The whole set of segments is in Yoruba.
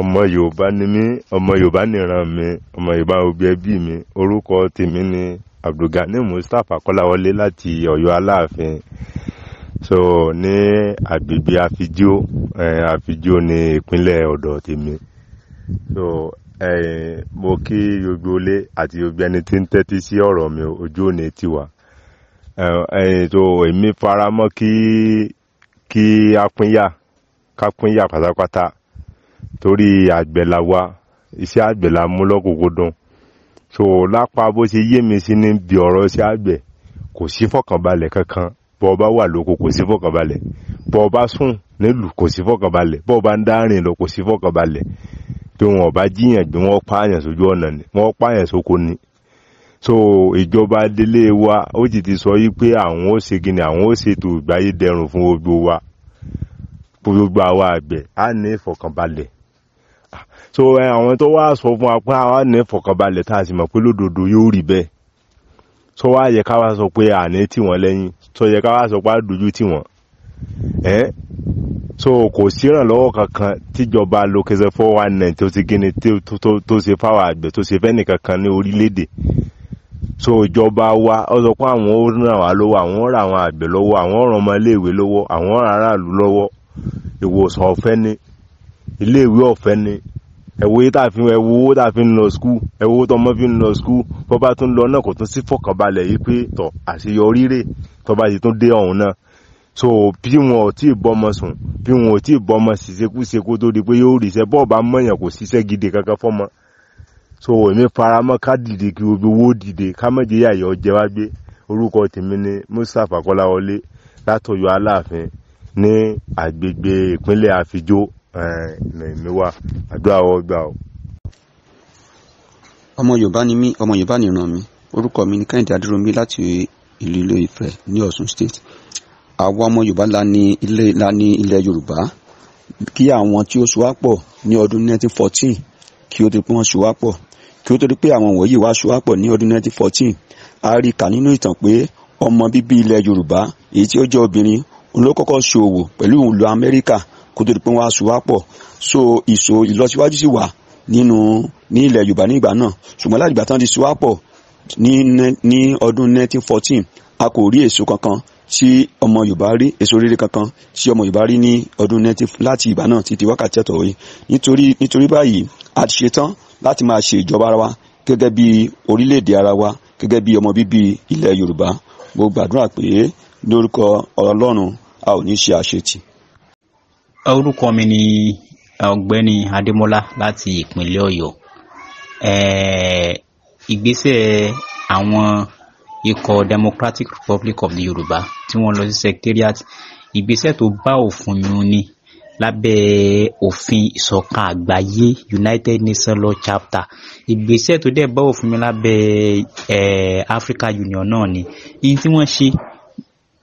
ọmọ yorùbá ni mí ọmọ yorùbá nìran mi ọmọ yorùbá òbí ẹbí mi orúkọ tèmi ni abdulgani mustapha kọ́láwọlé láti ọ̀yọ́ aláàfin so ní agbègbè afijó afijó ní ìpínlẹ̀ ọ̀dọ̀ tèmi so mo kí gbogbo ilé àti gbogbo ẹni tí ń tẹ́tí sí ọ̀rọ̀ mi ojú òní tiwa so èmi faramọ́ kí kí a pínyà ká pínyà pátápátá torí àgbẹ̀ la wa iṣẹ́ àgbẹ̀ la mú lọ́kùnkúndùn so lápá bó ṣe yé mi sí ní bí ọ̀rọ̀ iṣẹ́ àgbẹ̀ kò sí fọkànbalẹ̀ kankan bọ́ ọba wà lóko kò sí fọkànbalẹ̀ bọ́ ọba sùn nílùú kò sí fọkànbalẹ̀ bọ́ ọba ń dárìn lọ kò sí fọkànbalẹ̀ pé wọn ọba jíyàn gbé wọn pààyàn sójú ọ̀nà ni wọn pààyàn sóko ni so ìjọba délé wa ó sì ti sọ yí pé àwọn ó ṣe gini àwọn ó ṣètò ìgbáyé dẹrùn fún gbogbo wa gbogbo àwa àgbẹ̀ á ní ìfọkànbalẹ̀ so àwọn tó wá sọ fún wa pé àwa ní ìfọ̀kànbalẹ̀ tá a sì mọ̀ pé lódodo yóò rí bẹ́ẹ̀ sọ wá yẹ ká wá sọ pé àní tì wọ́n lẹ́yìn sọ yẹ ká wá sọ pé àdójú tì wọ́n ẹ́ so kò sí ìrànlọ́wọ́ kankan tíjọba lókèsè four one nine tó ti gíní tó ṣe fáwọn àgbẹ̀ tó ṣe fẹ́ni kankan ní orílẹ̀-èdè so ìjọba wa ó sọ pé àwọn ó ràn wá lọ́wọ́ àwọn ó ràn àwọn àgbẹ̀ lọ́wọ́ àwọn ó ràn ọmọ iléèwé lọ́wọ́ àwọn ó ràn aráàlú lọ́wọ́ ìwòsàn ọ̀fẹ́ ni iléèwé ọ̀fẹ́ ni ẹ̀wò yìí tàfi ẹ̀wò owó tàfi ń lọ skul ẹ̀wò owó tọmọ fi ń lọ skul bọ́ bá tún lọ náà kò tún sí fọkànbalẹ̀ yìí pé tọ̀ àṣeyọrí rè tọ́ bá ti tún dé ọ̀hún náà so bí wọn ò tí ì bọ́mọ sùn bí wọn ò tí ì bọ́mọ ṣìṣekúṣe kó tó di pé yóò rìṣẹ́ bọ́ọ̀ bá mọ̀yàn kò ṣiṣẹ́ gidi kankan fọ́mọ so èmi faramọ́ ká dìde kí obi owó dìde ká mọ̀jẹ̀ yàyọ̀ jẹ́ wá gbé orúkọ tèmi ni Mustapha Kọ́láwọlé látọ̀yọ́ Aláàfin ní agbègbè ìpínlẹ̀ Àfijó mi wà àdúrà ọ gbà ọ. ọmọ yorùbá ni mí ọmọ yorùbá ni ràn mí orúkọ mi ni kẹ́hìndé adúrómi láti ìlú ilé ifẹ̀ ní ọ̀ṣun state àwa ọmọ yorùbá la ní ilẹ̀ la ní ilẹ̀ yorùbá kí àwọn tí ó ṣùwápọ̀ ní ọdún 1914 kí ó ti pọ́n ṣùwápọ̀ kí ó tó di pé àwọn wọ̀nyí wá ṣùwápọ̀ ní ọdún 1914 a rí kà nínú ìtàn pé ọmọ bíbí ilẹ̀ yorùbá èyí tí ó jẹ́ obìnrin olókọ́kọ́ ṣòwò pẹ̀lú ìlú amẹ́ríkà kó tó di pé wọ́n á sùn wá pọ̀ so ìsò ìlọsíwájú sì wà nínú ní ilẹ̀ yorùbá nígbà náà ṣùgbọ́n láti ìgbà tán ti sùn wá pọ̀ ní ọdún 1914 a kò rí èso kankan tí ọmọ yorùbá rí èso rere kankan tí ọmọ yorùbá rí ní ọdún 19 láti ìgbà náà títí wákàtí ẹ̀tọ́ yìí nítorí nítorí báyìí a ti ṣetán láti máa ṣe ìjọba ara wa gẹ́gẹ́ bí orílẹ̀-èdè ara wa gẹ́gẹ́ bí ọmọ bíbí ilẹ̀ yorùbá mo gbàdúrà pé lórúkọ ọlọ́run a ò ní ṣe àṣetì orúkọ mi ni eh, ọ̀gbẹ́ni adémọ́lá láti ìpínlẹ̀ ọ̀yọ́ eh, ìgbésẹ̀ àwọn ikọ̀ democratic republic of the yorùbá tí wọ́n lọ sí secretariat ìgbésẹ̀ tó bá òfin mu ni lábẹ́ òfin ìṣọ̀kan àgbáyé united nations law chapter ìgbésẹ̀ tó dẹ̀ bá òfin mu lábẹ́ eh, africa union náà ni èyí tí wọ́n ṣe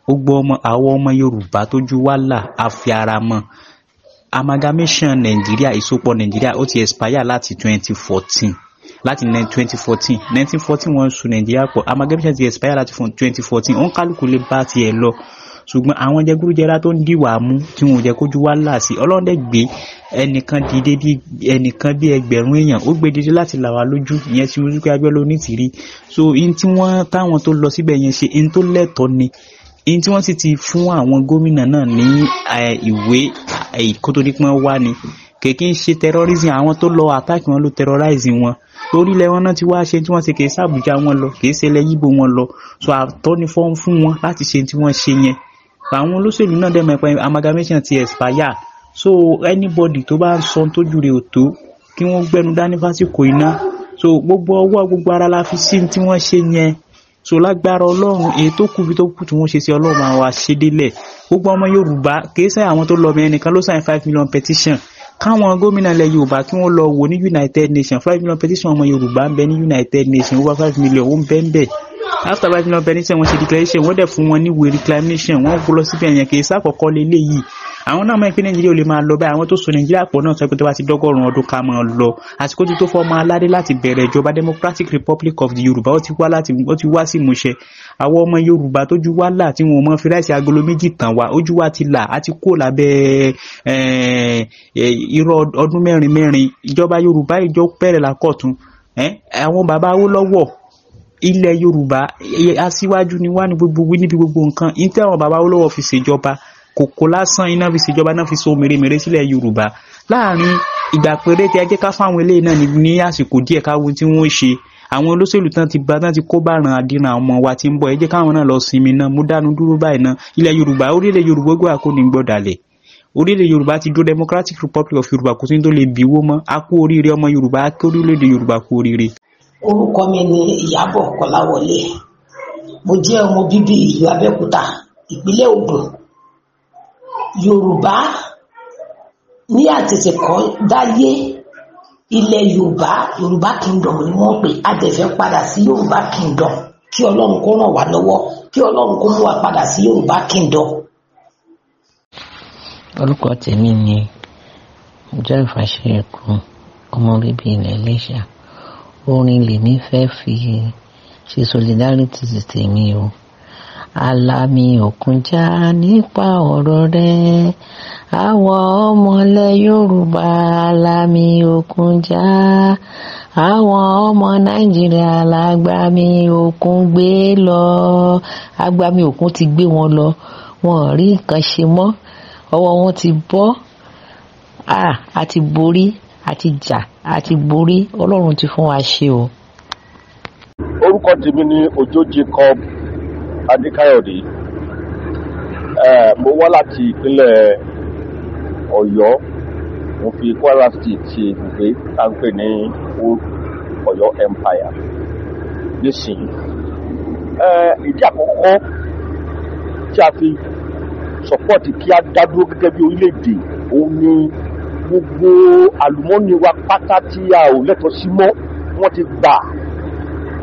gbogbo àwọn ọmọ yorùbá tójú wá là ara mọ́ ọ amalgamation Nàìjíríà ìsopọ̀ Nàìjíríà ó ti expire láti twenty fourteen láti twenty fourteen nineteen fourteen wọ́n so Nàìjíríà pọ̀ amalgamation ti expire láti twenty fourteen òun kálukú lè bá tiẹ̀ lọ ṣùgbọ́n àwọn jẹgúrújẹrá tó ń dìwà mú tí wọn ò jẹ́ kójú wá là sí ọlọ́dẹ gbé ẹnìkan dìde bí ẹnìkan bí ẹgbẹ̀rún èèyàn ó gbé dìde láti là wá lójú ìyẹn tí Olúṣúnkẹ́ Abíọ́lá Onítìrí so in tí wọ́n táwọn tó lọ síbẹ̀ yẹn ṣe in tó lẹ́tọ̀ọ́ ni in tí wọ́n sì ti fún àwọn gómìnà náà ní ìwé kó tó di pé wọ́n wá ni kèké ń ṣe terrorism àwọn tó lọ attack wọn ló terrorize wọn lórílẹ̀ wọn náà ti wá ṣe tí wọ́n ṣe kì í sàbújá wọn lọ kì í ṣe ilẹ̀ wọn lọ so àtọ́ni fọ́n fún wọn láti ṣe tí wọ́n ṣe yẹn àwọn olóṣèlú náà dẹ̀ mọ̀ amalgamation ti expire so anybody tó bá ń sọ tójú rẹ̀ ò tó kí wọ́n gbẹnu dání fásitì iná so gbogbo ọwọ́ gbogbo ara la fi sí tí wọ́n ṣe yẹn so lágbára ọlọ́run èyí tó kù bí tó kù tí wọ́n ṣe sí ọlọ́run àwọn àṣedélẹ̀ gbogbo ọmọ yorùbá kìí sẹ́yìn àwọn tó lọ bẹ ẹnìkan ló sign five million petition káwọn gómìnà ilẹ̀ yorùbá kí wọ́n lọ wò ní united nations five million petition ọmọ yorùbá ń bẹ ní united nations over five million ó ń bẹ after five million petition wọ́n ṣe declaration wọ́n dẹ̀ fún wọn ní reclamation wọ́n kó lọ síbẹ̀ yẹn kìí sákọ̀ọ́kọ́ lélẹ́yìí àwọn náà mọ̀ pé nàìjíríà ò lè máa lọ báyìí àwọn tó so nàìjíríà pọ̀ náà sọ pé tó bá ti dọ́gọ́rùn ọdún ká máa lọ àsìkò tó tó fọmọ aládé láti bẹ̀rẹ̀ ìjọba democratic republic of the yorùbá ó ti wá láti ó ti wá sí ìmúṣẹ àwọn ọmọ yorùbá tójú wá là tí wọn mọ fi ráìsì agolo méjì tàn wá ojú wa ti là á ti kó lábẹ́ eh, irọ́ ọdún mẹ́rin mẹ́rin ìjọba yorùbá ìjọ pẹ̀rẹ̀ lákọ̀tún eh, àwọn bàbá Awólọ́wọ̀ ilẹ̀ yorùbá eh, aṣíwájú ni wá ní gbogbo níbi gbogbo nǹkan ní tí àwọn bàbá Awólọ́wọ̀ fi ṣèjọba kòkó lásán iná fi ṣèjọba náà fi so mèremère sílẹ̀ yorùbá láàrin ìgbà péréte ẹ jẹ́ ká fáwọn eléyìí náà ní àsìkò díẹ̀ káwo tí wọ́n ṣe àwọn olóṣèlú tán ti ba tán ti kó bàràn àdínà ọmọ wa ti ń bọ̀ ẹ jẹ́ káwọn náà lọ sinmi náà mú dánu dúró báyìí náà ilẹ̀ yorùbá orílẹ̀ yorùbá gbọ́ àkóní gbọ́dàlẹ̀ orílẹ̀ yorùbá ti dúró democratic republic of yorùbá kò sí tó lè bíwó mọ́ a kú oríire ọmọ yorùbá a kú orílẹ̀ yorùbá kú oríire. orúkọ mi ni ìyábọ̀ kọ́láwọlé mo jẹ́ ọmọ bíbí ìlú abẹ́òkúta ìpínlẹ̀ ògùn yorùbá ní àtètèkọ́ dáyé ilẹ̀ yorùbá yorùbá kingdom ni wọ́n pè adẹ̀fẹ́ padà sí yorùbá kingdom kí ọlọ́run kó ràn wá lọ́wọ́ kí ọlọ́run kó mú wa padà sí yorùbá kingdom. orúkọ tèmi ni john fàṣẹkù ọmọ bíbí ilẹ̀ Iléṣà orin lèmi fẹ́ fi ṣe solidarity tèmi o àlà mi ò kúnjá nípa ọ̀rọ̀ rẹ àwọ̀ ọmọlẹ̀ Yorùbá àlà mi ò kúnjá àwọn ọmọ Nàìjíríà lágbàmì òkun gbé lọ agbàmì òkun ti gbé wọn lọ wọn ò rí nǹkan ṣe mọ́ ọwọ́ wọn ti bọ́ a ti borí a ti jà a ti borí Ọlọ́run ti fún wa ṣe o. orúkọ tèmi ni Òjó Jacob adékáyọ̀dé eh, mo wá láti ìpínlẹ̀ ọ̀yọ́ mo fi kwara state ṣe ibùgbé tá ń pè ní ọ̀yọ́ empire nísìnyí eh, ìdí àkọ́kọ́ tí a fi sọpọ́ọ̀tì kí a dádúró gẹ́gẹ́ bí orílẹ̀-èdè òun ni gbogbo àlùmọ́ọ́nì wa pátá tí a ò lẹ́tọ̀ọ́ sí mọ́ wọ́n ti gbà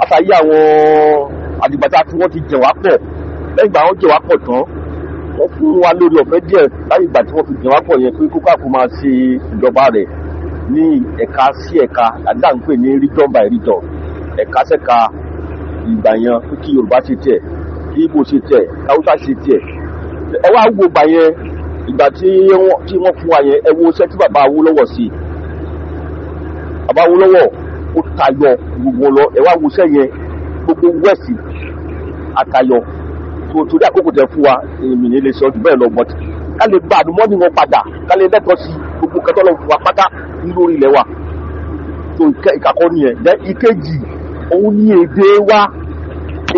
àtàyé àwọn àdìgbàtà tí wọ́n ti jẹ̀ wá pọ̀ lẹ́yìn ìgbà wọ́n jẹ̀ wá pọ̀ tán wọ́n fún wa lórí ọ̀fẹ́ díẹ̀ láyé ìgbà tí wọ́n fi jẹ̀ wá pọ̀ yẹn pé kókà kó máa ṣe ìjọba rẹ̀ ní ẹ̀ka sí ẹ̀ka àdáǹpè ní region by region ẹ̀ka sẹ́ka ìgbà yẹn pé kí Yorùbá ṣe tiẹ̀ kí Igbo ṣe tiẹ̀ káwúsá ṣe tiẹ̀ ẹ wá wo ìgbà yẹn ìgbà tí wọ́n fún wa yẹn ẹ wo iṣẹ́ tí bàbá Awólọ́wọ̀ sí bàbá Awólọ́wọ̀ ó tayọ gbogbo lọ ẹ wá wo iṣẹ́ yẹn gbogbo wẹ́ẹ̀sì àtayọ torí àkókò tẹ fún wa èmi ní lè sọ ju bẹ́ẹ̀ lọ mọ́ ti ká lè gba àdúmọ́nì wọn padà ká lè lẹ́tọ̀ọ́ sí gbogbo kẹtọ́ lọ fún wa pátá lórí ilẹ̀ wa tó ìkàkọ́ nìyẹn jẹ́ ìkejì òun ní èdè wa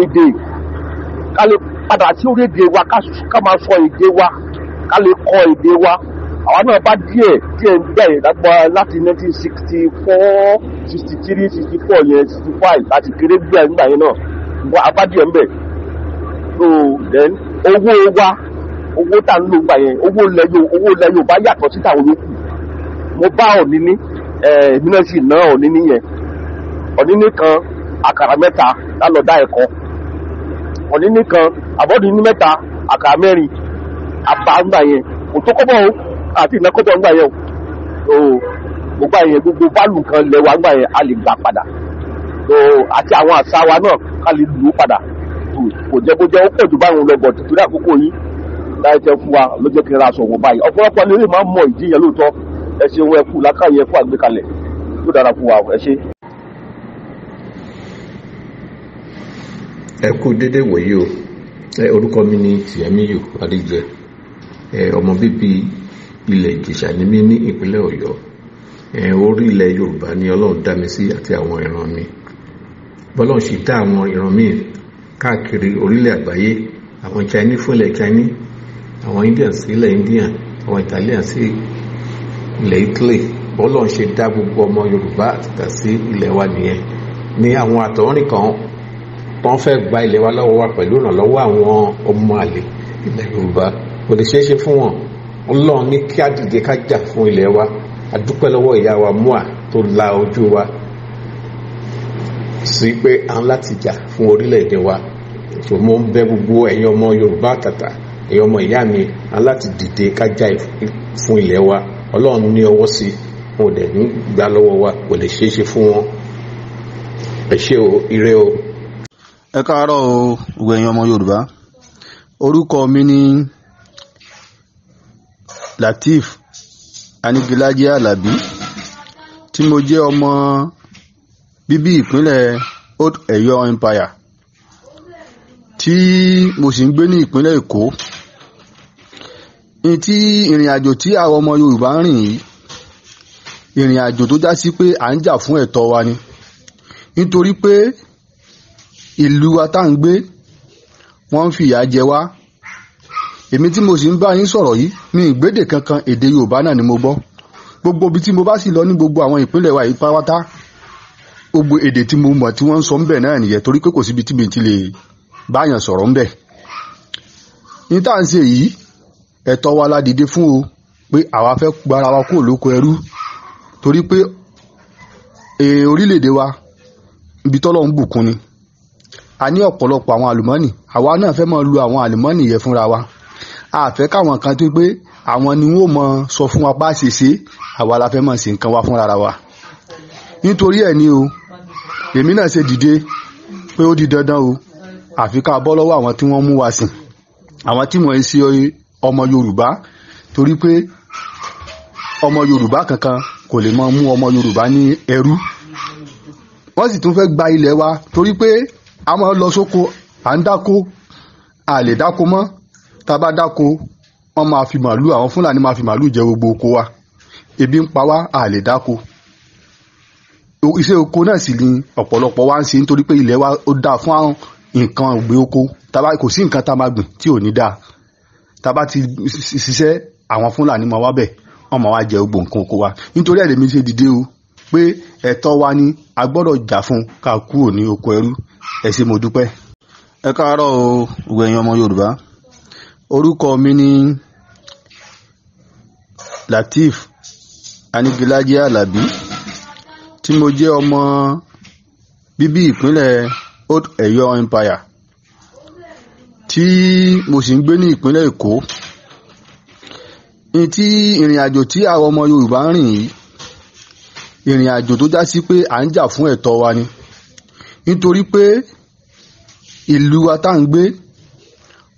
èdè ká lè padà sí orí èdè wa ká máa sọ èdè wa ká lè kọ èdè wa àwa náà bá díẹ̀ díẹ̀ ń bẹ̀rẹ̀ lápá láti 1964 63 64 yẹn 65 láti kéré díẹ̀ nígbà yẹn náà abá díẹ̀ ń bẹ̀ so then owó wa owó tá ń lò nígbà yẹn owó ilẹ̀ owó ilẹ̀ Yorùbá yàtọ̀ sí tàwọn yòókù mo bá òní ní èmi náà sì ná òní níyẹn òní nìkan àkàrà mẹ́ta lálọ́dá ẹ̀kọ́ òní nìkan àbọ̀dún ní mẹ́ta àkàrà mẹ́rin àbá nígbà yẹn kò tó kọ́ bọ́ àti ìnákọ́tọ̀ ńgbà yẹn o gbogbo àyẹn gbogbo báàlù kan lẹ́wà ńgbà yẹn a lè gbà padà àti àwọn àṣà wa náà ká lè lù ú padà kò jẹ́ bó jẹ́ ó pọ̀ jù báwọn lọ bọ̀ tìtúrí àkókò yìí láì tẹ́ fún wa ló jẹ́ kí n ra aṣọ òun báyìí ọ̀pọ̀lọpọ̀ lórí máa ń mọ ìdí yẹn lóòótọ́ ẹ ṣe ohun ẹkú lákàyè ẹkú àgbékalẹ̀ tó dára fún wa ẹ ṣe. ẹ kú dédé wòye o orúkọ mi ni tìyẹmíyù adéjẹ ọmọ bíbí ilẹ̀ ìjẹ̀ṣà ni mí ní ìpínlẹ̀ ọ̀yọ́ orí ilẹ̀ yorùbá ni ọlọ́run dá mi sí àti àwọn ìran mi bọ́lọ́run sì dá àwọn ìran míì káàkiri orílẹ̀ àgbáyé àwọn chinese fún ilẹ̀ chinese àwọn indian sí ilẹ̀ indian àwọn italian sí ilẹ̀ italy bọ́lọ́run ṣe dá gbogbo ọmọ yorùbá àtìtà sí ilẹ̀ wa nìyẹn ni àwọn àtọ̀rìn kan wọ́n fẹ́ gba ilẹ̀ wa lọ́wọ́ wa pẹ̀lú ìrànlọ́wọ́ àwọn ọmọ àlè ilẹ̀ yorùbá kò lè ṣeé ṣe fún wọn ọlọ́run ní kí á dìde ká jà fún ilẹ̀ wa a dúpẹ́ lọ́wọ́ ìyá wa mua tó la ojú wa sí pé à ń láti jà fún orílẹ̀-èdè wa tó mo ń bẹ gbogbo ẹ̀yin ọmọ yorùbá àtàtà ẹ̀yin ọmọ ìyá mi à ń láti dìde ká jà fún ilẹ̀ wa ọlọ́run ní ọwọ́ sí mo dẹ̀ ń gbà lọ́wọ́ wa kò lè ṣeé ṣe fún wọn ẹ ṣé o ire o. ẹ káàárọ̀ o gbẹ̀yìn ọmọ yorùbá orúkọ mi ni. Lateef Anigilaje Alabi tí mo jẹ́ ọmọ bíbí ìpínlẹ̀ Old Eyo Empire tí mo sì ń gbé ní ìpínlẹ̀ Èkó ní ti ìrìn àjò tí àwọn ọmọ Yorùbá ń rìn yìí ìrìn àjò tó já sí pé à ń jà fún ẹ̀tọ́ wa ni nítorí pé ìlú wa tá à ń gbé wọ́n ń fìyà jẹ wá èmi tí mo sì ń bá yín sọ̀rọ̀ yìí ní ìgbédè kankan èdè yorùbá náà ni mo gbọ́ gbogbo ibi tí mo bá sì lọ ní gbogbo àwọn ìpínlẹ̀ wa yìí pátá gbogbo èdè tí mo mọ̀ tí wọ́n ń sọ ńbẹ̀ náà nìyẹn torí pé kò síbi tí mi ti lè báyàn sọ̀rọ̀ ńbẹ̀ ní tá à ń ṣe yìí ẹ̀tọ́ wa la dìde fún o pé àwa fẹ́ gbára wa kúrò lóko ẹrú torí pé e, orílẹ̀-èdè wa ibi tọ́lọ́ ń bùkún ni a ní ọ̀pọ̀lọpọ̀ àwọn àlùmọ́nì àwa náà fẹ́ máa lu àwọn àlùmọ́nì yẹn fúnra wa àfẹ́ káwọn kan tó pé àwọn ni wọ́n mọ sọ fún wa bá ṣe ṣe àwa la fẹ́ mọ̀ sí nǹkan wa fúnra wa nítorí ẹ̀ ni o èmi náà ṣe dìde pé ó di dandan o àfi ká bọ́ lọ́wọ́ àwọn tí wọ́n mú wa sìn àwọn tí wọ́n ṣe ọmọ Yorùbá torí pé ọmọ Yorùbá kankan kò lè mọ mú ọmọ Yorùbá ní ẹrú wọ́n sì tún fẹ́ gba ilẹ̀ wa torí pé a máa lọ sóko à ń dáko a lè dáko mọ́ tá a bá dáko wọ́n máa fi màálù àwọn fúlàní máa fi màálù jẹ gbogbo oko wa ebi ń pa wá a lè dáko iṣẹ́ oko náà sì ni ọ̀pọ̀lọpọ̀ wa ń ṣe nítorí pé ilẹ̀ wa ó dáa fún àwọn nǹkan ọ̀gbìn oko kò sí nǹkan tá a máa gbìn tí ò ní dáa tá a bá ti ṣiṣẹ́ àwọn fúlàní máa wá bẹ̀ wọ́n máa wá jẹ gbogbo nǹkan oko wa nítorí ẹ̀rẹ̀ mi ṣe dìde o pé ẹ̀tọ́ wa ni a gbọ́dọ̀ jà fún ká kúrò ní oko ẹrú ẹ ṣé mo dúpẹ́. ẹ káàárọ̀ o gbẹ̀yìn ọmọ Yorùbá Orúkọ mi ni Lateef Anigilaje Alabi tí mo jẹ́ ọmọ bíbí ìpínlẹ̀ Old Eyo Empire tí mo sì ń gbé ní ìpínlẹ̀ Èkó ní ti ìrìn àjò tí àwọn ọmọ Yorùbá ń rìn yìí ìrìn àjò tó já sí pé à ń jà fún ẹ̀tọ́ wa ni nítorí pé ìlú wa tá à ń gbé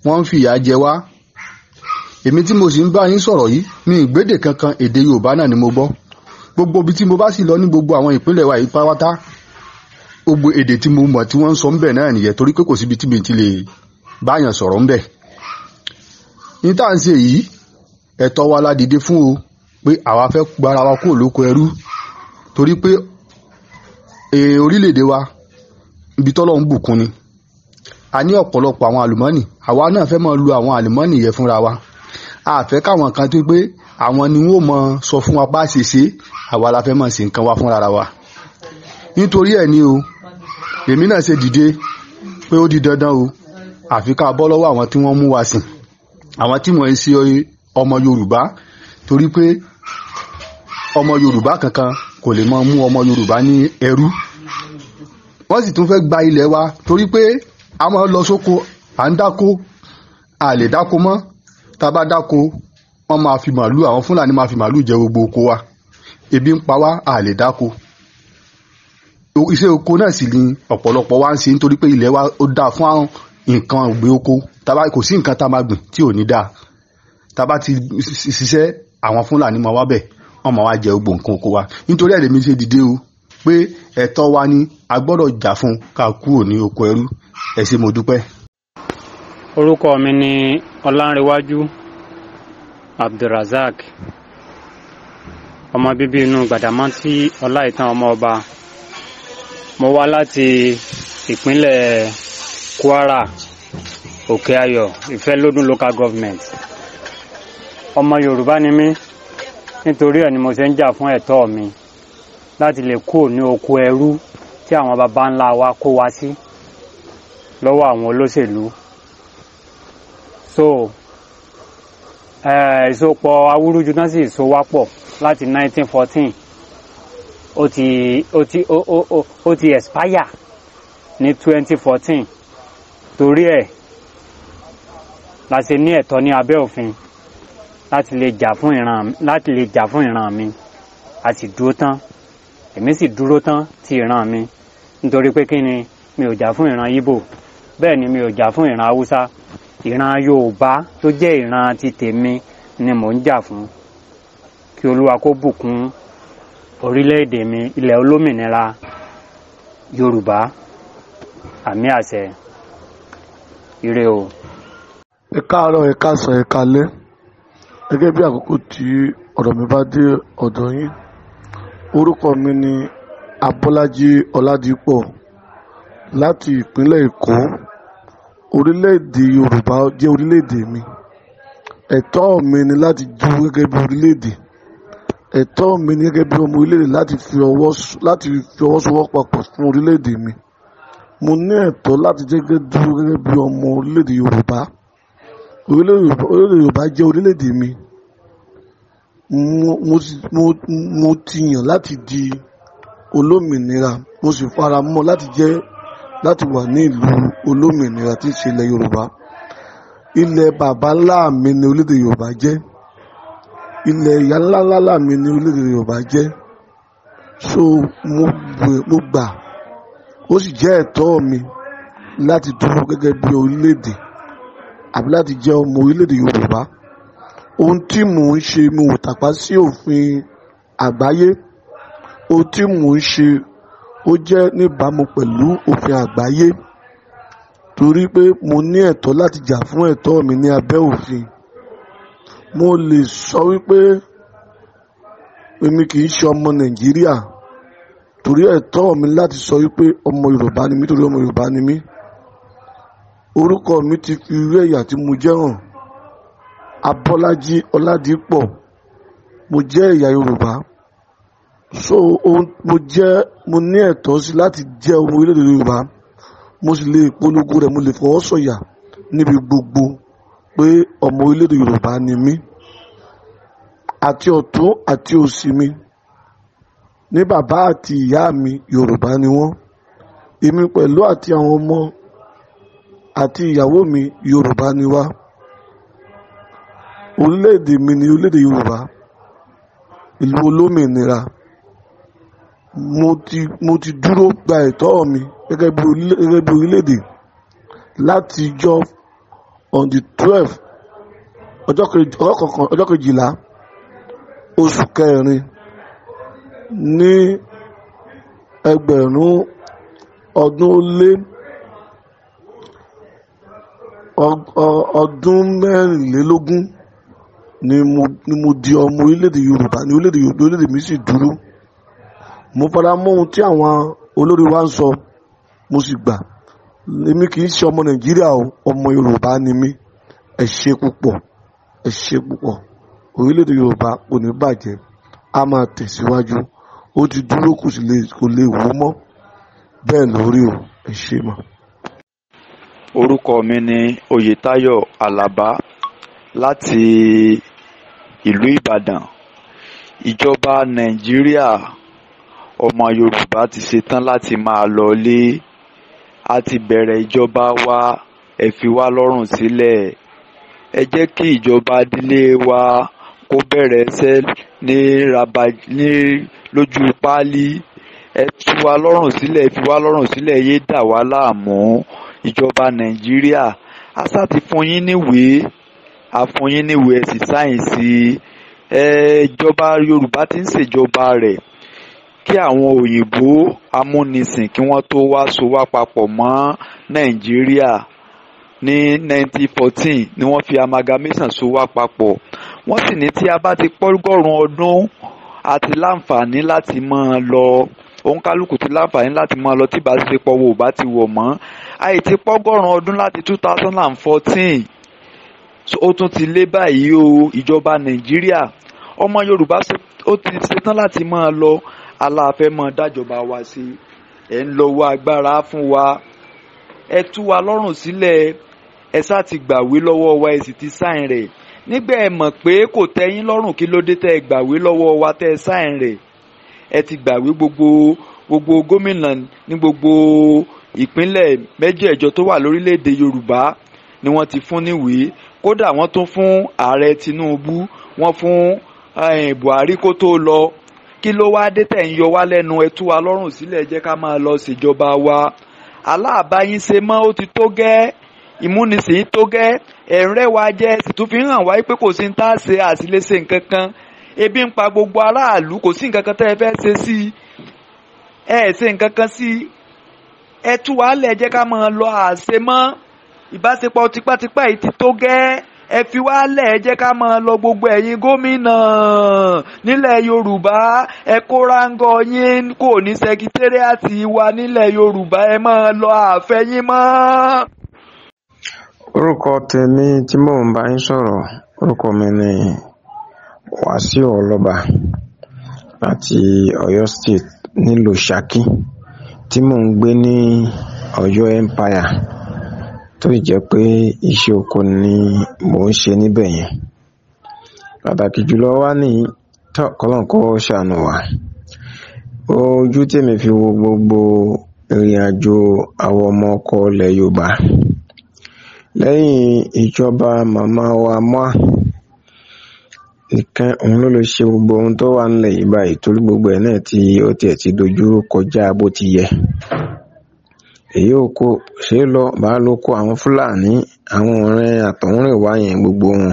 wọ́n ń fìyà jẹ wá èmi tí mo sì ń bá yín sọ̀rọ̀ yìí ní ìgbédè kankan èdè Yorùbá náà ni mo gbọ́ gbogbo ibi tí mo bá sì lọ ní gbogbo àwọn ìpínlẹ̀ wa yìí pátá gbogbo èdè tí mo mọ̀ tí wọ́n ń sọ ńbẹ̀ náà nìyẹn torí pé kò síbi tí mi ti lè báyàn sọ̀rọ̀ ńbẹ̀ ní tá à ń ṣe yìí ẹ̀tọ́ wa la dìde fún o pé àwa fẹ́ gbára wa kúrò lóko ẹrú torí pé eh, orílẹ̀-èdè wa ibi tọ́lọ́ ń bùkún ni a ní ọ̀pọ̀lọpọ̀ àwọn àlùmọ́nì àwa náà fẹ́ máa lu àwọn àlùmọ́nì yẹn fúnra wa àfẹ́ káwọn kan tó pé àwọn ni wọ́n mọ sọ fún wa bá ṣe ṣe àwa la fẹ́ máa ṣe nǹkan wa fúnra wa nítorí ẹ̀ ni o èmi náà ṣe dìde pé ó di dandan o àfi ká bọ́ lọ́wọ́ àwọn tí wọ́n mú wa sìn àwọn tí wọ́n ń ṣe ọmọ Yorùbá torí pé ọmọ Yorùbá kankan kò lè mọ mú ọmọ Yorùbá ní ẹrú wọ́n sì tún fẹ́ gba ilẹ̀ wa torí pé a máa lọ sóko à ń dáko a lè dáko mọ́ tá a bá dáko wọ́n máa fi màálù àwọn fúlàní máa fi màálù jẹ gbogbo oko wa ebi ń pa wá a lè dáko iṣẹ́ oko náà sì ni ọ̀pọ̀lọpọ̀ wa ń ṣe nítorí pé ilẹ̀ wa ó dáa fún àwọn nǹkan ọ̀gbìn oko kò sí nǹkan tá a máa gbìn tí ò ní dáa tá a bá ti ṣiṣẹ́ àwọn fúlàní máa wá bẹ̀ wọ́n máa wá jẹ gbogbo nǹkan oko wa nítorí ẹ̀rẹ̀ mi ṣe dìde o pé ẹ̀tọ́ wa ni a gbọ́dọ̀ jà fún ká kúrò ní oko ẹrú ẹ ṣé mo dúpẹ́. orúkọ mi ni ọlánrewájú abdulrasaq ọmọ bíbí inú gbàdámọ́tì ọláìtàn ọmọ ọba mo wá láti ìpínlẹ̀ kwara òkè ayọ̀ ìfẹ́lódún local government ọmọ yorùbá ni mí nítorí ẹ̀ ni mo ṣe ń jà fún ẹ̀tọ́ mi láti lè kúrò ní oko ẹrú tí àwọn baba ńlá wa kó wa sí. Si lọ́wọ́ àwọn olóṣèlú so eh, ìsopọ̀ awúrúju náà sì so wá pọ̀ láti 1914 ó ti ó ti ó ó ó ti expire ní 2014 torí ẹ̀ la ṣe ní ẹ̀tọ́ ní abẹ́ òfin láti lè jà fún ìran láti lè jà fún ìran mi a sì dúró tán èmi sì dúró tán ti ìran mi nítorí pé kí ni mi ò jà fún ìran yíbò bẹ́ẹ̀ ni mi ò jà fún ìran haúsá ìran yorùbá tó jẹ́ ìran ti tèmi ni mò ń jà fún kí olúwa kó bùkún orílẹ̀-èdè mi ilẹ̀ olómìnira yorùbá àmì àṣẹ ire o. ẹ káàárọ̀ ẹ káàsán ẹ kálẹ́ gẹ́gẹ́ bí àkókò tí ọ̀rọ̀ mi bá dé ọ̀dọ̀ yín orúkọ mi ni abọ́lájí ọládípọ̀ láti ìpínlẹ̀ èkó orílẹ̀-èdè yorùbá jẹ́ orílẹ̀-èdè mi ẹ̀tọ́ mi ni láti jó gẹ́gẹ́ bí orílẹ̀-èdè ẹ̀tọ́ mi ni gẹ́gẹ́ bí ọmọ orílẹ̀-èdè láti fi ọwọ́ sowọ́ papọ̀ fún orílẹ̀-èdè mi mo ní ẹ̀tọ́ láti jẹ́gẹ́ dúró gẹ́gẹ́ bí ọmọ orílẹ̀-èdè yorùbá orílẹ̀-èdè yorùbá jẹ́ orílẹ̀-èdè mi mo ti yàn láti di olómìnira mo sì fara mọ́ láti jẹ́ láti wà ní ìlú olómìnira tí í ṣe ilẹ̀ yorùbá ilẹ̀ bàbá ńlá mi ni orílẹ̀-èdè yorùbá jẹ́ ilẹ̀ ìyá ńláńlá mi ni orílẹ̀-èdè yorùbá jẹ́ so mo gbà ó sì jẹ́ ẹ̀tọ́ mi láti dúró gẹ́gẹ́ bí orílẹ̀-èdè àbí láti jẹ́ ọmọ orílẹ̀-èdè yorùbá ohun tí mò ń ṣe mo tàpá sí òfin àgbáyé ohun tí mò ń ṣe ó jẹ́ níbàámu pẹ̀lú òfin àgbáyé torí pé mo ní ẹ̀tọ́ láti jà fún ẹ̀tọ́ mi ní abẹ́ òfin mo lè sọ wípé èmi kì í ṣe ọmọ nàìjíríà torí ẹ̀tọ́ mi láti sọ wípé ọmọ yorùbá ni mí torí ọmọ yorùbá ni mí orúkọ mi ti fi irú ẹ̀yà tí mo jẹ́ hàn abọ́lájí ọládìpọ̀ mo jẹ́ ẹ̀yà yorùbá so ohun mo jẹ́ mo ní ẹ̀tọ́ sí láti jẹ́ ọmọ orílẹ̀-èdè Yorùbá mo sì lè polongo rẹ̀ mo lè fọwọ́ sọ̀yà níbi gbogbo pé ọmọ orílẹ̀-èdè Yorùbá ni mí àti ọ̀tún àti òsì mi ní bàbá àti ìyá mi Yorùbá ni wọ́n èmi pẹ̀lú àti àwọn ọmọ àti ìyàwó mi Yorùbá ni wá orílẹ̀-èdè mi ni orílẹ̀-èdè Yorùbá ìlú olómìnira mo ti mo ti dúró gba ẹ̀tọ́ mi gẹ́gẹ́ bí gẹ́gẹ́ bí orílẹ̀-èdè láti jọ on the twelve ọjọ́ kọkàn ọjọ́ kejìlá oṣù kẹrin ní ẹgbẹ̀rún ọdún ó lé ọdún mẹ́rìnlélógún ni mo di ọmọ orílẹ̀-èdè Yorùbá ni orílẹ̀-èdè mi sì dúró mo fara mọ́ ohun tí àwọn olórí wa ń sọ mo sì gbà èmi kì í ṣe ọmọ nàìjíríà o ọmọ yorùbá ni mí ẹ ṣe púpọ̀ ẹ ṣe púpọ̀ orílẹ̀ yorùbá kò ní bàjẹ́ a máa tẹ̀síwájú ó ti dúró kò sì lè kò lè wó mọ́ bẹ́ẹ̀ lórí o ẹ ṣe mọ̀. orúkọ mi ni oyetayo alaba láti ìlú ìbàdàn ìjọba nàìjíríà ọmọ yorùbá ti ṣetán láti máa lọlé a ti bẹ̀rẹ̀ ìjọba wa ẹ fi wá lọ́rùn sílẹ̀ ẹ jẹ́ kí ìjọba adílé wa kó bẹ̀rẹ̀ iṣẹ́ ní raba ní lójú páálí ẹ tú wa lọ́rùn sílẹ̀ ẹ fi wá lọ́rùn sílẹ̀ yé dà wá láàmú ìjọba nàìjíríà asá ti fún yín níwèé àfún yín níwèé ẹ̀sìn sáyẹ̀nsì ẹ̀ẹ́djọba yorùbá ti ń ṣèjọba rẹ̀ kí àwọn òyìnbó amúnisìn kí wọ́n tó wá so wá papọ̀ mọ́ nàìjíríà ní 1914 ni wọ́n fi amalgamation so wá papọ̀ wọ́n sì ní tí a bá ti pọ́gọ́rùn ọdún àti láǹfààní láti máa lọ òǹkálùkù ti láǹfààní láti máa lọ tí ìbá ti fi pọwọ́ bá ti wọ̀ mọ́ àìtí pọ́gọ́rùn ọdún láti 2014 ó tún ti lé báyìí o ìjọba nàìjíríà ọmọ yorùbá ó ti ṣetán láti máa lọ aláfẹ́mọ́ dájọba wa sí ẹ̀ ń lọ́wọ́ agbára fún wa ẹ tú wa lọ́rùn sílẹ̀ ẹ sá ti gbàwé lọ́wọ́ wa ẹ sì ti sáìn rẹ̀ nígbà ẹ mọ̀ pé kò tẹ́yìn lọ́rùn kí ló dé tẹ́ ẹ gbàwé lọ́wọ́ wa tẹ́ ẹ sáìn rẹ̀ ẹ ti gbàwé gbogbo gbogbo gómìnà ní gbogbo ìpínlẹ̀ mẹ́jẹ̀ẹ̀jọ tó wà lórílẹ̀‐èdè Yorùbá ni wọ́n ti fún níwèé kódà wọ́n tún fún ààrẹ Tinubu wọ́n fún eh, Buhari kó tó lọ kí ló wáá dé tẹ̀ ń yọ wá lẹ́nu ẹ wa lọ́rùn sílẹ̀ jẹ́ ká máa lọ ṣèjọba wa aláàbáyín ṣe mọ́ ó ti tó gẹ́ ìmúnisìn tó gẹ́ ẹ̀rẹ́ wa jẹ́ sì tún fi hàn wáyé pé kò sí ní tá a ṣe àṣìléṣe nǹkan kan ebi ń pa gbogbo aráàlú kò sí nǹkan kan tẹ́ ẹ fẹ́ ṣe sí i ẹ ṣe nǹkan kan sí i wa lẹ̀ ká máa lọ àṣemọ́ ìbáṣepọ̀ tipátipá yìí ti tó gẹ́ẹ́ ẹ fi wá lẹ̀ ẹ jẹ́ ká máa lọ gbogbo ẹ̀yin gómìnà nílẹ̀ yorùbá ẹ kó ráńgọ yín kò ní sẹkítẹ́rìàtì wa nílẹ̀ yorùbá ẹ máa lọ àfẹ́yìn mọ́. orúkọ tèmi tí mò ń bá yín sọ̀rọ̀ orúkọ mi ni wàsíù ọlọ́ba láti ọ̀yọ́ state nílùú ṣákí tí mò ń gbé ní ọ̀yọ́ empire tó sì jẹ́ pé iṣẹ́ oko ni mò ń ṣe níbẹ̀ yẹn pàtàkì jùlọ wá ní kọ́lọ́nkọ́ ṣàánú wa ojú tèmi fi wo gbogbo ìrìn àjò àwọn ọmọ ọkọ ilẹ̀ Yorùbá lẹ́yìn ìjọba màmá wa mọ́ nìkan òun ló lè ṣe gbogbo ohun tó wà nílẹ̀ yìí báyìí torí gbogbo ẹ̀ náà tí ó tiẹ̀ ti dojú kọjá bó ti yẹ èyí ò kò ṣe é lọ bá ló kó àwọn fúlàní àwọn ọ̀rẹ́ àtọ̀húnrìnwá yẹn gbogbo wọn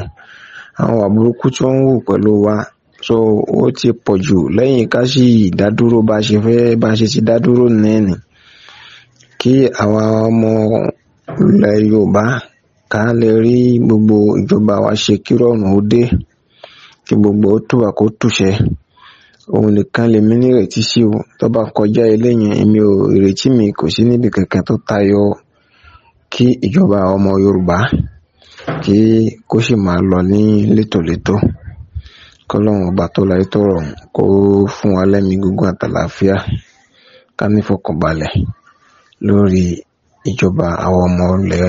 àwọn àbúrúkú tí wọ́n ń wù pẹ̀lú wa so ó ti pọ̀ jù lẹ́yìn ká sì dádúró bá ṣe fẹ́ bá ṣe ti dádúró nìyẹn kí àwa ọmọ ilẹ̀ Yorùbá ká lè rí gbogbo ìjọba wa ṣe kí rọrùn ó dé kí gbogbo ó tùwà kó tùṣẹ́ òun nìkan lèmi nírètí sí o tó bá kọjá eléyìn èmi ò ìrètí mi kò sí níbi kankan tó tayọ kí ìjọba ọmọ yorùbá kí kó sì máa lọ ní létòlétò kọlọ́run ọba tó láyé tó rọrùn kó fún wa lẹ́mí gígùn àtàlàáfíà ká ní fọkànbalẹ̀ lórí ìjọba àwọn ọmọ ilẹ̀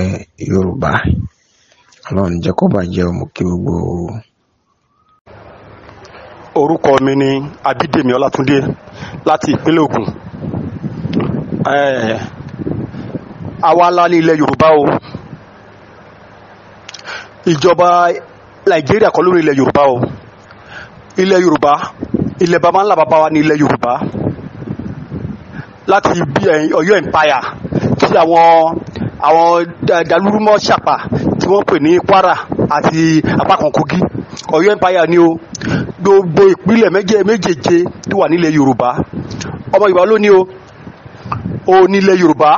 yorùbá ọlọ́run jẹ́ kó bàjẹ́ ọmọ kí gbogbo orúkọ mi ni Abídèmí Ọlátúndé láti ìpínlẹ̀ Ògùn awalali eh, la ní ilẹ̀ Yorùbá o ìjọba Nàìjíríà kọ́ lórí ilẹ̀ Yorùbá o ilẹ̀ Yorùbá ilẹ̀ baba ńlá baba wa ní ilẹ̀ Yorùbá láti bí Ọ̀yọ́ empire tí àwọn àwọn dalúrúmọ ṣàpà tí wọ́n pè ní Kwara àti apá Kogi Ọ̀yọ́ empire ni o gbogbo ìpínlẹ̀ méje méjèèje tó wà nílẹ̀ yorùbá ọmọ yorùbá ló ní o ó nílẹ̀ yorùbá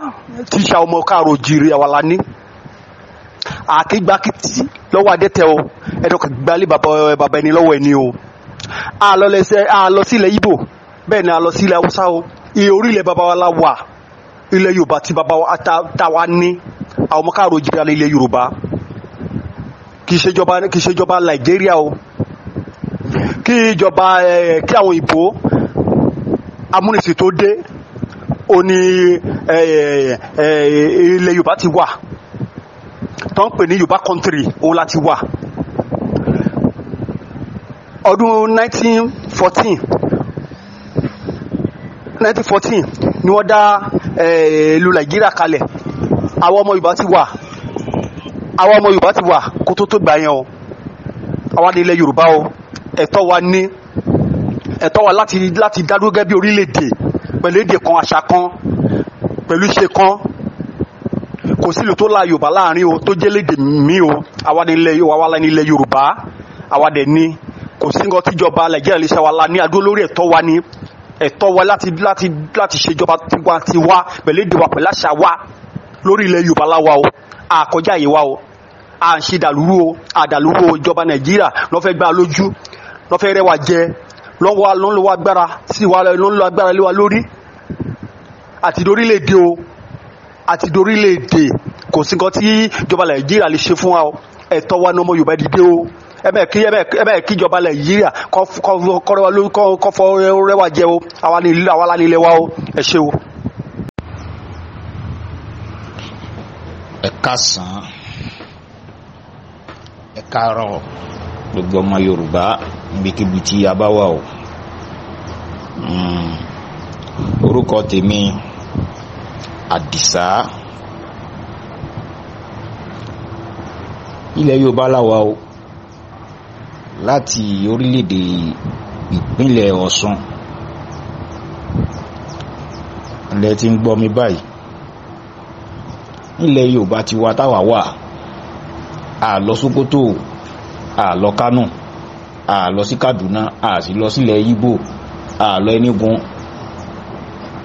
tíṣà ọmọ káàró jìrì àwa la ní àkígbákítí lọ́wọ́ adẹ́tẹ̀ o ẹ̀dọ́ gbalẹ̀ bàbá ẹni lọ́wọ́ ẹni o a lọ sílẹ̀ ibo bẹ́ẹ̀ ni a lọ sílẹ̀ haúsá o orílẹ̀ bàbá wa la wà ilẹ̀ yorùbá tí bàbá wa ta wa ní àwọn ọmọ káàró jìrì alẹ́ ilẹ̀ yorùbá kì í ṣèjọba nàìjíríà o kí ìjọba ẹ kí àwọn ìbò amúnisìn tó dé ó ní ilẹ̀ yorùbá ti wà tó ń pè ní yorùbá country ó láti wà ọdún 1914 1914 ni wọ́n dá ìlú nàìjíríà kalẹ̀ àwọn ọmọ yorùbá ti wà àwọn ọmọ yorùbá ti wà kó tó tó gbà yẹn o àwọn adé ilẹ̀ yorùbá o ẹ̀tọ́ wa ní ẹ̀tọ́ wa láti láti dádúró gẹ́gẹ́ bí orílẹ̀-èdè pẹ̀lú èdè kan àṣà kan pẹ̀lú ìṣe kan kò sílù tó la yorùbá láàrin o tó jẹ́lẹ́dẹ̀ mi o àwa ni ilẹ̀ wa la ni ilẹ̀ yorùbá àwa dẹ̀ ni kò sí nǹkan tíjọba nàìjíríà lè ṣe wa la ní adó lórí ẹ̀tọ́ wa ni ẹ̀tọ́ wa láti láti láti ṣèjọba tiwa tiwa pẹ̀lú èdè wa pẹ̀lú àṣà wa lórí ilẹ̀ yorùbá la wa o àkọjá yìí wa o à ń ṣe dàlúrú o àdàlúrú o ìjọba nàìjíríà lọ́ fẹ́ lójú lọ́fẹ́ rẹwà jẹ lọ́wọ́ ló agbára sí wa ló agbára lé lórí àti dorílẹ̀-èdè o àti dorílẹ̀-èdè kò sí nǹkan tí ìjọba nàìjíríà lè ṣe fún wa ẹ̀tọ́ wa ní yorùbá dìde o ẹbẹ kí ìjọba nàìjíríà kọfọ rẹwà jẹ o àwa ni ìlú o ẹ ṣe o. ẹ kásán ẹ kárọ̀ gbogbo ọmọ yorùbá ibikíbi tí a bá wà o hmm. orúkọ tèmi àdìsá ilẹ̀ Yorùbá làwà o láti orílẹ̀-èdè ìpínlẹ̀ Ọ̀ṣun ilẹ̀ tí ń gbọ́ mi báyìí ilẹ̀ Yorùbá ti wa táwa wà àlọ́ Sókótó àlọ́ Kánò a lọ sí Kaduna a sì lọ sílẹ̀ Ìgbò a lọ Enugu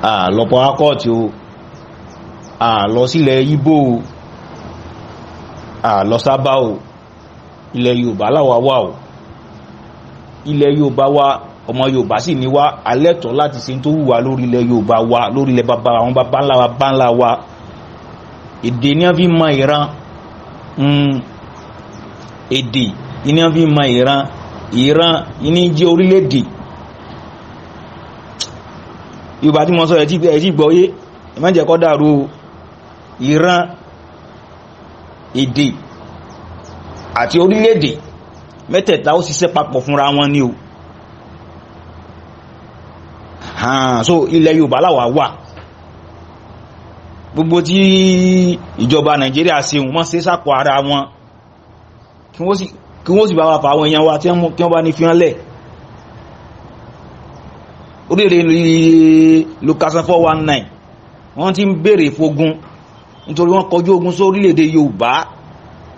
a lọ pọ̀ akọ́ọ̀tì o a lọ sílẹ̀ Ìgbò o a lọ Sábà o ilẹ̀ Yorùbá láwa wà o ilẹ̀ Yorùbá wa ọmọ Yorùbá sì ní wá alẹ́tọ̀ láti ṣe tó wù lórí ilẹ̀ Yorùbá wa lórí ilẹ̀ bàbá àwọn bàbá ńlá wa bá ńlá wa èdè ní a fi mọ ìran hmm. èdè ní a fi mọ ìran ìran ní jẹ́ orílẹ̀-èdè yorùbá tí mo sọ ẹ̀tí gbọ́yé ìmọ́jẹ̀ kọ́ dàrú ìran èdè àti orílẹ̀-èdè mẹ́tẹ̀ẹ̀ta ó ṣiṣẹ́ papọ̀ fúnra wọn ni o hàn so ilẹ̀ yorùbá láwà wà gbogbo tí ìjọba nàìjíríà ṣe wọ́n se sápọ̀ ara wọn kí wọ́n sì kí wọ́n sì bá wà fà àwọn èèyàn wa tí wọ́n bá ní fi hàn lẹ̀ orílẹ̀ lukasan 419 wọ́n ti ń béèrè fogun nítorí wọ́n kọjú ogun sí orílẹ̀-èdè yorùbá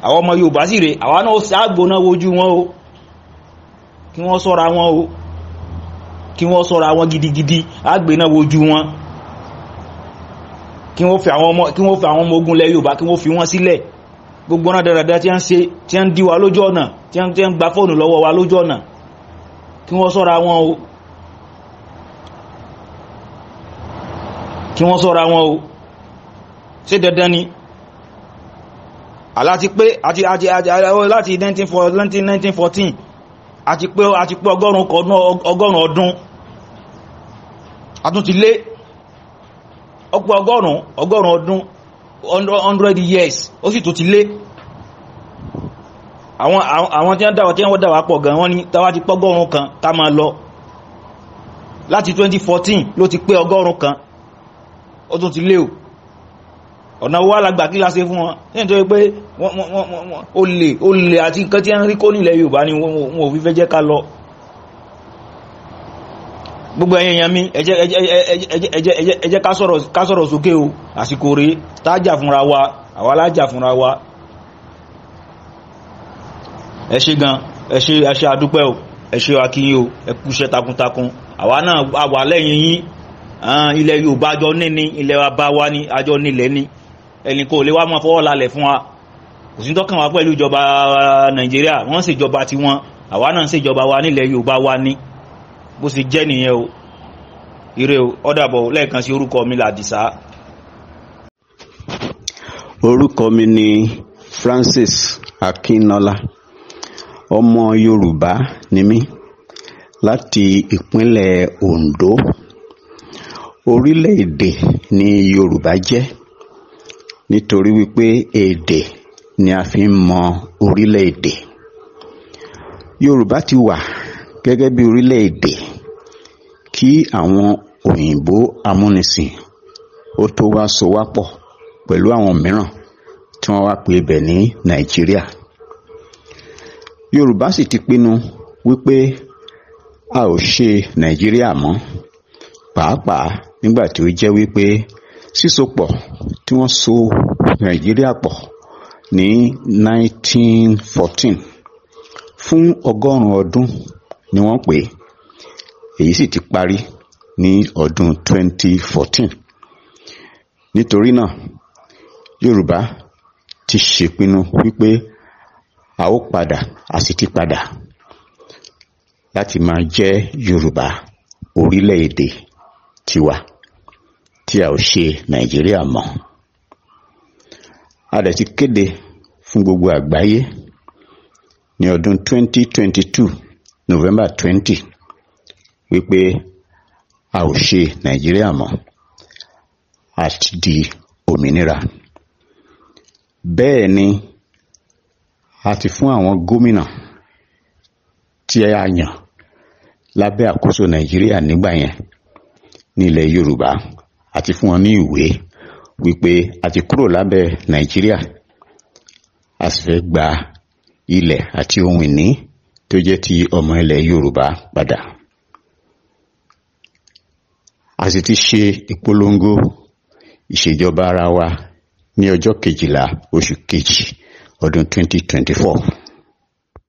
àwọn ọmọ yorùbá sì rè àwa náà sáàgbóná wojú wọn o kí wọ́n sọ́ra wọn o kí wọ́n sọ́ra wọn gidigidi àgbéná wojú wọn kí wọ́n fi àwọn ọmọ ogun lẹ̀ yorùbá kí wọ́n fi wọ́n sílẹ̀ si gbogbo náà dáradára tí a ń ṣe tí a ń dí wa lójú ọ̀nà tí a ń gba fóònù lọ́wọ́ wa lójú ọ̀nà kí wọ́n sọ́ra wọn o kí dandan ni aláti pé àti àti láti 1914 àti pé àti pé ọgọ́rùn ọdún àtúntí lé ọpọ̀ ọgọ́rùn ọgọ́rùn ọdún 100 years ó sì tó ti lé àwọn àwọn tí wọ́n dáwà tí wọ́n dáwà pọ̀ gan wọ́n ní tàwà ti pọ́ ọgọ́rùn kan ká máa lọ láti 2014 ló ti pé ọgọ́rùn kan ó tún ti lé o ọ̀nà owó alàgbà kí la ṣe fún wọn ní ìtọ́ pé olè olè àti nǹkan tí wọ́n rí kó nílẹ̀ Yorùbá ni wọn ò fi fẹ́ jẹ́ ká lọ gbogbo ẹ̀yin èèyàn mi ẹ jẹ́ ká sọ̀rọ̀ sókè o àsìkò rèé tájà fúnra wa àwa lájà fúnra wa ẹ ṣé gan ẹ ṣé ẹ ṣé àdúpẹ́ o ẹ ṣé akínyìn o ẹ kúṣẹ́ takuntakun àwa náà àwa lẹ́yìn yín ilẹ̀ Yorùbá àjọ níní ilẹ̀ bá wa ní àjọ nílẹ̀ ní ẹnì kò lè wá mọ́ fọwọ́ lálẹ̀ fún wa kò sí tọ́kàn wa pẹ̀lú ìjọba Nàìjíríà wọ́n ṣèjọba tiwọn àwa náà ṣèjọba wa nílẹ̀ Yorùbá wa ní bó sì jẹ́ nìyẹn o ire o ọ̀dàbọ̀ lẹ́ẹ̀kan sí orúkọ mi làdìsá. orúkọ mi ni Francis Akínọlá ọmọ Yorùbá ni mí láti ìpínlẹ̀ Ondo orílẹ̀-èdè ni Yorùbá jẹ́ nítorí wípé èdè ni a fi ń mọ orílẹ̀-èdè Yorùbá ti wà gẹ́gẹ́ bí orílẹ̀-èdè kí àwọn òyìnbó amúnisìn ó tó wá so wá pọ̀ pẹ̀lú àwọn mìíràn tí wọ́n wá pe ibẹ̀ ní nàìjíríà yorùbá sì ti pinnu wípé a ò ṣe nàìjíríà mọ́ pàápàá nígbà tí ó jẹ́ wípé sísopọ̀ tí wọ́n so nàìjíríà pọ̀ ní 1914 fún ọgọ́rùn-ún ọdún ni wọ́n pè é èyí sì ti parí ní ọdún 2014 nítorí náà Yorùbá ti ṣèpinnu wípé a ó padà a sì ti padà láti máa jẹ́ Yorùbá orílẹ̀-èdè tiwa tí a ò ṣe Nàìjíríà mọ́ a dẹ̀ ti kéde fún gbogbo àgbáyé ní ọdún 2022 November 20 wípé a ò ṣe Nàìjíríà mọ́ a ti di òmìnira bẹ́ẹ̀ ni a ti fún àwọn gómìnà tí a yàn lábẹ́ àkóso Nàìjíríà nígbà yẹn nílẹ̀ Yorùbá a ti fún wọn ní ìwé wípé a ti kúrò lábẹ́ Nàìjíríà a sì fẹ́ gba ilẹ̀ àti ohun ìní tó jẹ́ ti ọmọ ilẹ̀ Yorùbá padà a sì ti ṣe ìpolongo ìṣèjọba ara wa ní ọjọ́ kejìlá oṣù kejì ọdún 2024.